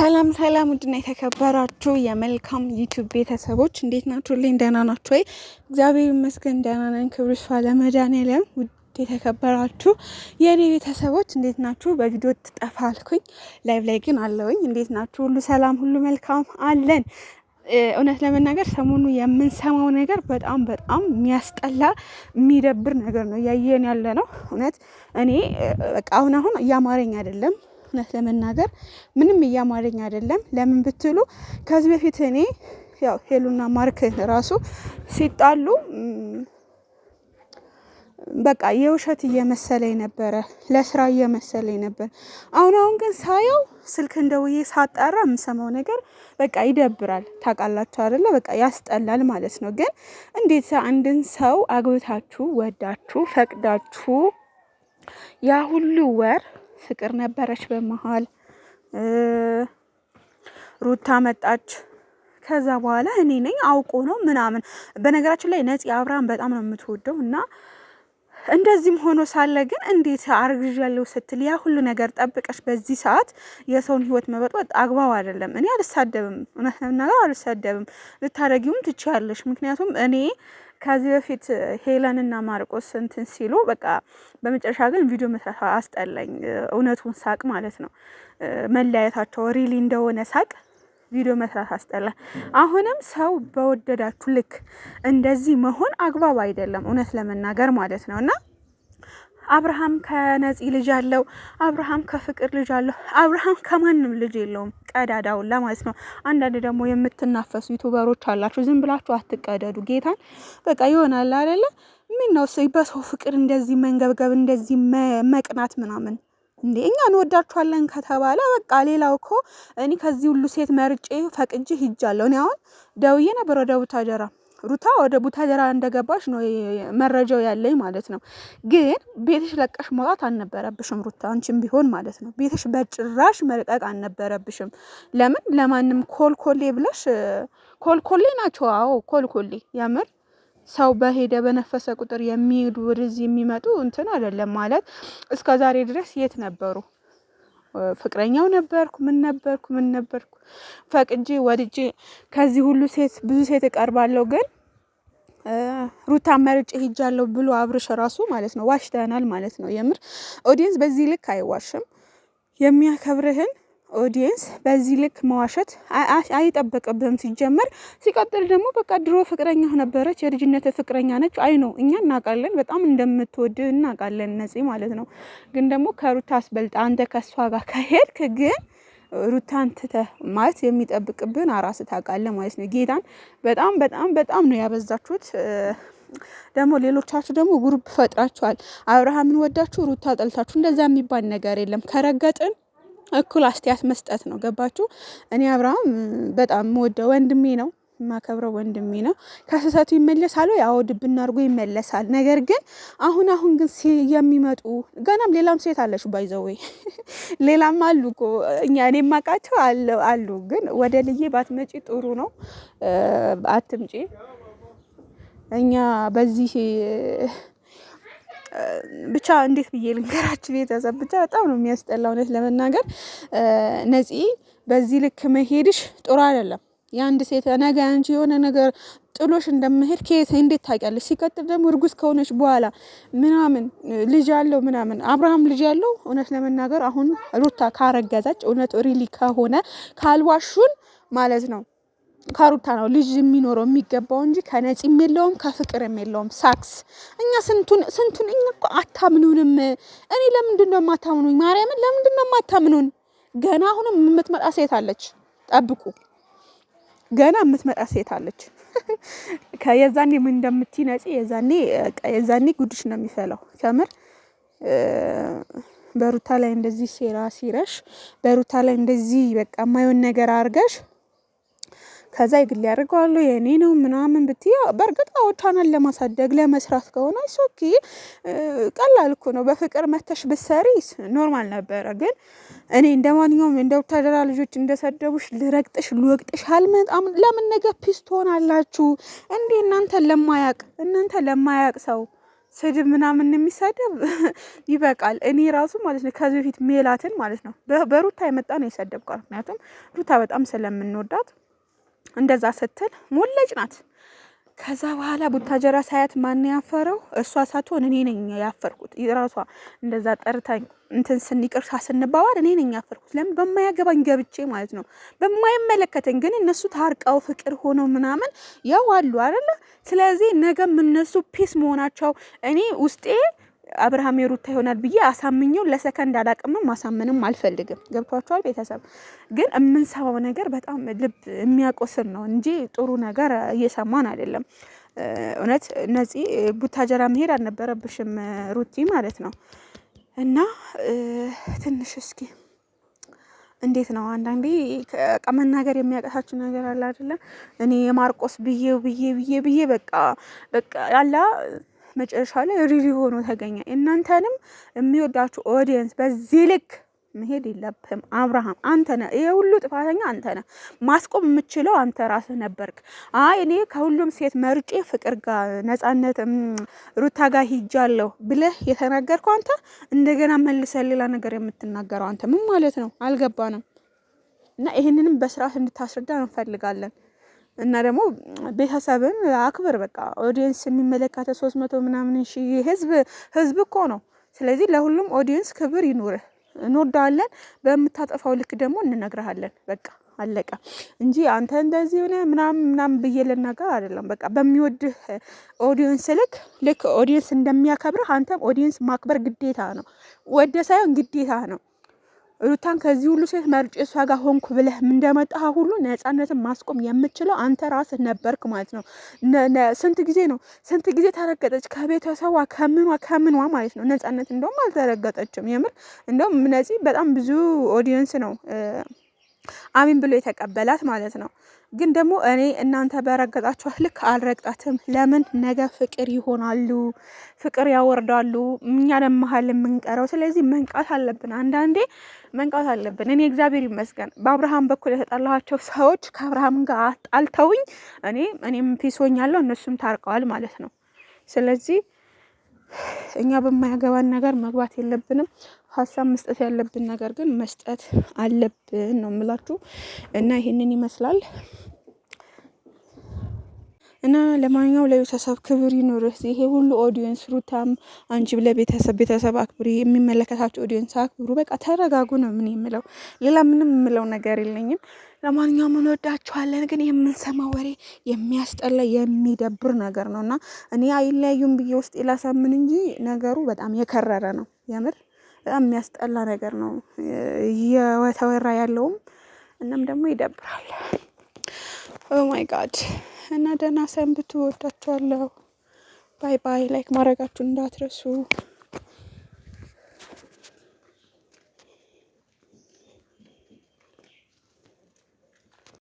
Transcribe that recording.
ሰላም ሰላም፣ ውድና የተከበራችሁ የመልካም ዩቱብ ቤተሰቦች እንዴት ናችሁ? ልኝ ደህና ናችሁ ወይ? እግዚአብሔር ይመስገን ደህና ነን። ክብር ይስፋ ለመድኃኔዓለም። ውድ የተከበራችሁ የእኔ ቤተሰቦች እንዴት ናችሁ? በቪዲዮ ትጠፋልኩኝ ላይቭ ላይ ግን አለውኝ። እንዴት ናችሁ? ሁሉ ሰላም፣ ሁሉ መልካም አለን። እውነት ለመናገር ሰሞኑ የምንሰማው ነገር በጣም በጣም የሚያስጠላ የሚደብር ነገር ነው እያየን ያለ ነው። እውነት እኔ በቃ አሁን አሁን እያማረኝ አይደለም እውነት ለመናገር ምንም እያማረኝ አይደለም። ለምን ብትሉ ከዚህ በፊት እኔ ያው ሄሉና ማርክ ራሱ ሲጣሉ በቃ የውሸት እየመሰለኝ ነበረ፣ ለስራ እየመሰለኝ ነበር። አሁን አሁን ግን ሳየው ስልክ እንደውዬ ሳጣራ የምሰማው ነገር በቃ ይደብራል። ታውቃላችሁ አይደለ? በቃ ያስጠላል ማለት ነው። ግን እንዴት አንድን ሰው አግብታችሁ ወዳችሁ ፈቅዳችሁ ያ ሁሉ ወር ፍቅር ነበረች በመሃል ሩታ መጣች። ከዛ በኋላ እኔ ነኝ አውቆ ነው ምናምን። በነገራችን ላይ ነፂ አብርሃም በጣም ነው የምትወደው እና እንደዚህም ሆኖ ሳለ ግን እንዴት አርግዣለሁ ስትል ያ ሁሉ ነገር ጠብቀሽ በዚህ ሰዓት የሰውን ህይወት መበጥበጥ አግባብ አይደለም። እኔ አልሳደብም፣ እውነት ለመናገር አልሳደብም። ልታደረጊውም ትችያለሽ። ምክንያቱም እኔ ከዚህ በፊት ሄለን እና ማርቆስ እንትን ሲሉ በቃ በመጨረሻ ግን ቪዲዮ መስራት አስጠላኝ። እውነቱን ሳቅ ማለት ነው መለያየታቸው ሪሊ እንደሆነ ሳቅ ቪዲዮ መስራት አስጠላ አሁንም ሰው በወደዳችሁ ልክ እንደዚህ መሆን አግባብ አይደለም፣ እውነት ለመናገር ማለት ነው እና አብርሃም ከነፂ ልጅ አለው፣ አብርሃም ከፍቅር ልጅ አለው፣ አብርሃም ከማንም ልጅ የለውም። ቀዳዳውን ለማለት ነው። አንዳንድ ደግሞ የምትናፈሱ ዩቱበሮች አላችሁ። ዝም ብላችሁ አትቀደዱ። ጌታን በቃ ይሆናል አይደለ? ምን ነው በሰው ፍቅር እንደዚህ መንገብገብ፣ እንደዚህ መቅናት ምናምን እንዴ እኛ እንወዳችኋለን ከተባለ በቃ ሌላው እኮ እኔ ከዚህ ሁሉ ሴት መርጬ ፈቅጄ ሂጃለሁ። እኔ አሁን ደውዬ ነበር ወደ ቡታጀራ ሩታ ወደ ቡታጀራ እንደገባሽ ነው መረጃው ያለኝ ማለት ነው። ግን ቤትሽ ለቀሽ መውጣት አልነበረብሽም ሩታ፣ አንቺም ቢሆን ማለት ነው ቤትሽ በጭራሽ መልቀቅ አልነበረብሽም። ለምን ለማንም ኮልኮሌ ብለሽ ኮልኮሌ ናቸው። አዎ ኮልኮሌ የምር ሰው በሄደ በነፈሰ ቁጥር የሚሄዱ ወደዚህ የሚመጡ እንትን አይደለም ማለት እስከ ዛሬ ድረስ የት ነበሩ? ፍቅረኛው ነበርኩ ምን ነበርኩ ምን ነበርኩ ፈቅጄ ወድጄ ከዚህ ሁሉ ሴት ብዙ ሴት እቀርባለሁ ግን ሩታ መርጬ ሄጃለሁ ብሎ አብርሽ ራሱ ማለት ነው ዋሽተናል ማለት ነው። የምር ኦዲየንስ በዚህ ልክ አይዋሽም። የሚያከብርህን ኦዲየንስ በዚህ ልክ መዋሸት አይጠበቅብህም። ሲጀመር ሲቀጥል ደግሞ በቃ ድሮ ፍቅረኛ ነበረች፣ የልጅነት ፍቅረኛ ነች። አይ ነው እኛ እናውቃለን፣ በጣም እንደምትወድ እናውቃለን፣ ነፂ ማለት ነው። ግን ደግሞ ከሩታ አስበልጣ አንተ ከእሷ ጋር ከሄድክ ግን ሩታን ትተህ ማለት የሚጠብቅብን አራስ ታውቃለህ ማለት ነው። ጌታን በጣም በጣም በጣም ነው ያበዛችሁት። ደግሞ ሌሎቻችሁ ደግሞ ጉሩብ ፈጥራችኋል። አብርሃምን ወዳችሁ ሩታ ጠልታችሁ፣ እንደዛ የሚባል ነገር የለም። ከረገጥን እኩል አስተያየት መስጠት ነው። ገባችሁ? እኔ አብርሃም በጣም ወደ ወንድሜ ነው ማከብረው ወንድሜ ነው። ከስህተቱ ይመለሳሉ፣ ያው ድብና አድርጎ ይመለሳል። ነገር ግን አሁን አሁን ግን የሚመጡ ገናም ሌላም ሴት አለች ባይዘወይ ሌላም አሉ እኮ እኛ እኔ የማውቃቸው አሉ። ግን ወደ ልዬ ባትመጪ ጥሩ ነው፣ አትምጪ። እኛ በዚህ ብቻ እንዴት ብዬ ልንገራችሁ ቤተሰብ ብቻ በጣም ነው የሚያስጠላ። እውነት ለመናገር ነፂ፣ በዚህ ልክ መሄድሽ ጥሩ አይደለም። የአንድ ሴት ነገ አንቺ የሆነ ነገር ጥሎሽ እንደምሄድ ከየት እንዴት ታውቂያለሽ? ሲቀጥል ደግሞ እርጉዝ ከሆነች በኋላ ምናምን ልጅ ያለው ምናምን አብርሃም ልጅ ያለው እውነት ለመናገር አሁን ሩታ ካረገዛች እውነት ሪሊ ከሆነ ካልዋሹን ማለት ነው ካሩታ ነው ልጅ የሚኖረው የሚገባው እንጂ ከነፂም የለውም ከፍቅርም የለውም። ሳክስ እኛ ስንቱን ስንቱን እኛ እኮ አታምኑንም። እኔ ለምንድን ነው የማታምኑኝ? ማርያምን ለምንድን ነው የማታምኑን? ገና አሁንም የምትመጣ ሴት አለች፣ ጠብቁ። ገና የምትመጣ ሴት አለች። ከየዛኔ ምን እንደምትይ ነፂ፣ የዛኔ የዛኔ ጉድሽ ነው የሚፈላው ከምር በሩታ ላይ እንደዚህ ሴራ ሲረሽ፣ በሩታ ላይ እንደዚህ በቃ የማይሆን ነገር አድርገሽ ከዛ የግል ያደርገዋለሁ የእኔ ነው ምናምን ብትይ፣ በእርግጥ ቻናል ለማሳደግ ለመስራት ከሆነ ሶኪ ቀላል እኮ ነው። በፍቅር መተሽ ብሰሪ ኖርማል ነበረ። ግን እኔ እንደ ማንኛውም እንደ ወታደራ ልጆች እንደሰደቡሽ ልረግጥሽ ልወቅጥሽ አልመጣም። ለምን ነገ ፒስ ትሆናላችሁ እንዴ? እናንተ ለማያቅ እናንተ ለማያቅ ሰው ስድብ ምናምን የሚሰደብ ይበቃል። እኔ ራሱ ማለት ነው ከዚህ በፊት ሜላትን ማለት ነው በሩታ የመጣ ነው የሰደብኳት። ምክንያቱም ሩታ በጣም ስለምንወዳት እንደዛ ስትል ሞለጭ ናት። ከዛ በኋላ ቡታጀራ ሳያት ማን ያፈረው? እሷ ሳትሆን እኔ ነኝ ያፈርኩት። ራሷ እንደዛ ጠርታኝ እንትን ስንቅርሳ ስንባባል እኔ ነኝ ያፈርኩት። ለምን በማያገባኝ ገብቼ ማለት ነው፣ በማይመለከተኝ ግን እነሱ ታርቀው ፍቅር ሆኖ ምናምን ያው አሉ አይደለ? ስለዚህ ነገም እነሱ ፒስ መሆናቸው እኔ ውስጤ አብርሃም የሩታ ይሆናል ብዬ አሳምኘው ለሰከንድ አላቅምም፣ አሳምንም አልፈልግም። ገብቷቸዋል ቤተሰብ። ግን የምንሰማው ነገር በጣም ልብ የሚያቆስል ነው እንጂ ጥሩ ነገር እየሰማን አይደለም። እውነት እነዚህ ቡታጀራ መሄድ አልነበረብሽም ሩቲ ማለት ነው። እና ትንሽ እስኪ እንዴት ነው አንዳንዴ በቃ መናገር የሚያቀታችሁ ነገር አለ አይደለም። እኔ የማርቆስ ብዬ ብዬ ብዬ ብዬ በቃ በቃ ያላ መጨረሻ ላይ ሪሊ ሆኖ ተገኘ። እናንተንም የሚወዳችሁ ኦዲየንስ በዚህ ልክ መሄድ የለብህም አብርሃም፣ አንተ ነህ ይሄ ሁሉ ጥፋተኛ አንተ ነህ። ማስቆም የምችለው አንተ ራስህ ነበርክ። አይ እኔ ከሁሉም ሴት መርጬ ፍቅር ጋር ነጻነት ሩታ ጋር ሂጃለሁ ብለህ የተናገርከው አንተ፣ እንደገና መልሰህ ሌላ ነገር የምትናገረው አንተ ምን ማለት ነው? አልገባንም። እና ይህንንም በስርዓት እንድታስረዳ እንፈልጋለን። እና ደግሞ ቤተሰብን አክብር። በቃ ኦዲየንስ የሚመለከተ ሶስት መቶ ምናምን ሺ ህዝብ ህዝብ እኮ ነው። ስለዚህ ለሁሉም ኦዲየንስ ክብር ይኑርህ። እንወዳለን። በምታጠፋው ልክ ደግሞ እንነግረሃለን። በቃ አለቀ እንጂ አንተ እንደዚህ ሆነ ምናምን ምናምን ብዬ ልናገር አይደለም። በቃ በሚወድህ ኦዲየንስ ልክ ልክ ኦዲየንስ እንደሚያከብርህ አንተም ኦዲየንስ ማክበር ግዴታ ነው። ወደ ሳይሆን ግዴታ ነው። ሩታን ከዚህ ሁሉ ሴት መርጬ እሷ ጋር ሆንኩ ብለህ እንደመጣ ሁሉ ነፃነትን ማስቆም የምችለው አንተ ራስህ ነበርክ ማለት ነው። ስንት ጊዜ ነው ስንት ጊዜ ተረገጠች ከቤተሰቧ ከምኗ ከምኗ ማለት ነው። ነፃነት እንደውም አልተረገጠችም። የምር እንደውም ነፂ በጣም ብዙ ኦዲየንስ ነው አሚን ብሎ የተቀበላት ማለት ነው። ግን ደግሞ እኔ እናንተ በረገጣችኋት ልክ አልረግጣትም። ለምን ነገ ፍቅር ይሆናሉ፣ ፍቅር ያወርዳሉ፣ እኛ ደም የምንቀረው። ስለዚህ መንቃት አለብን፣ አንዳንዴ መንቃት አለብን። እኔ እግዚአብሔር ይመስገን በአብርሃም በኩል የተጣላቸው ሰዎች ከአብርሃም ጋር አጣልተውኝ እኔ እኔም ፒሶኛለሁ፣ እነሱም ታርቀዋል ማለት ነው። ስለዚህ እኛ በማያገባን ነገር መግባት የለብንም። ሀሳብ መስጠት ያለብን ነገር ግን መስጠት አለብን ነው የምላችሁ። እና ይሄንን ይመስላል። እና ለማንኛውም ለቤተሰብ ክብር ይኑርህ። ይሄ ሁሉ ኦዲየንስ ሩታም አንቺ ለቤተሰብ ቤተሰብ አክብሪ፣ የሚመለከታቸው ኦዲየንስ አክብሩ። በቃ ተረጋጉ ነው ምን የምለው ሌላ ምንም የምለው ነገር የለኝም። ለማንኛውም እንወዳችኋለን። ግን የምንሰማው ወሬ የሚያስጠላ የሚደብር ነገር ነው እና እኔ አይለያዩም ብዬ ውስጥ ላሳምን እንጂ ነገሩ በጣም የከረረ ነው የምር በጣም የሚያስጠላ ነገር ነው እየተወራ ያለውም። እናም ደግሞ ይደብራል። ኦ ማይ ጋድ እና ደህና ሰንብቱ። ወዳችኋለሁ። ባይ ባይ። ላይክ ማድረጋችሁ እንዳትረሱ።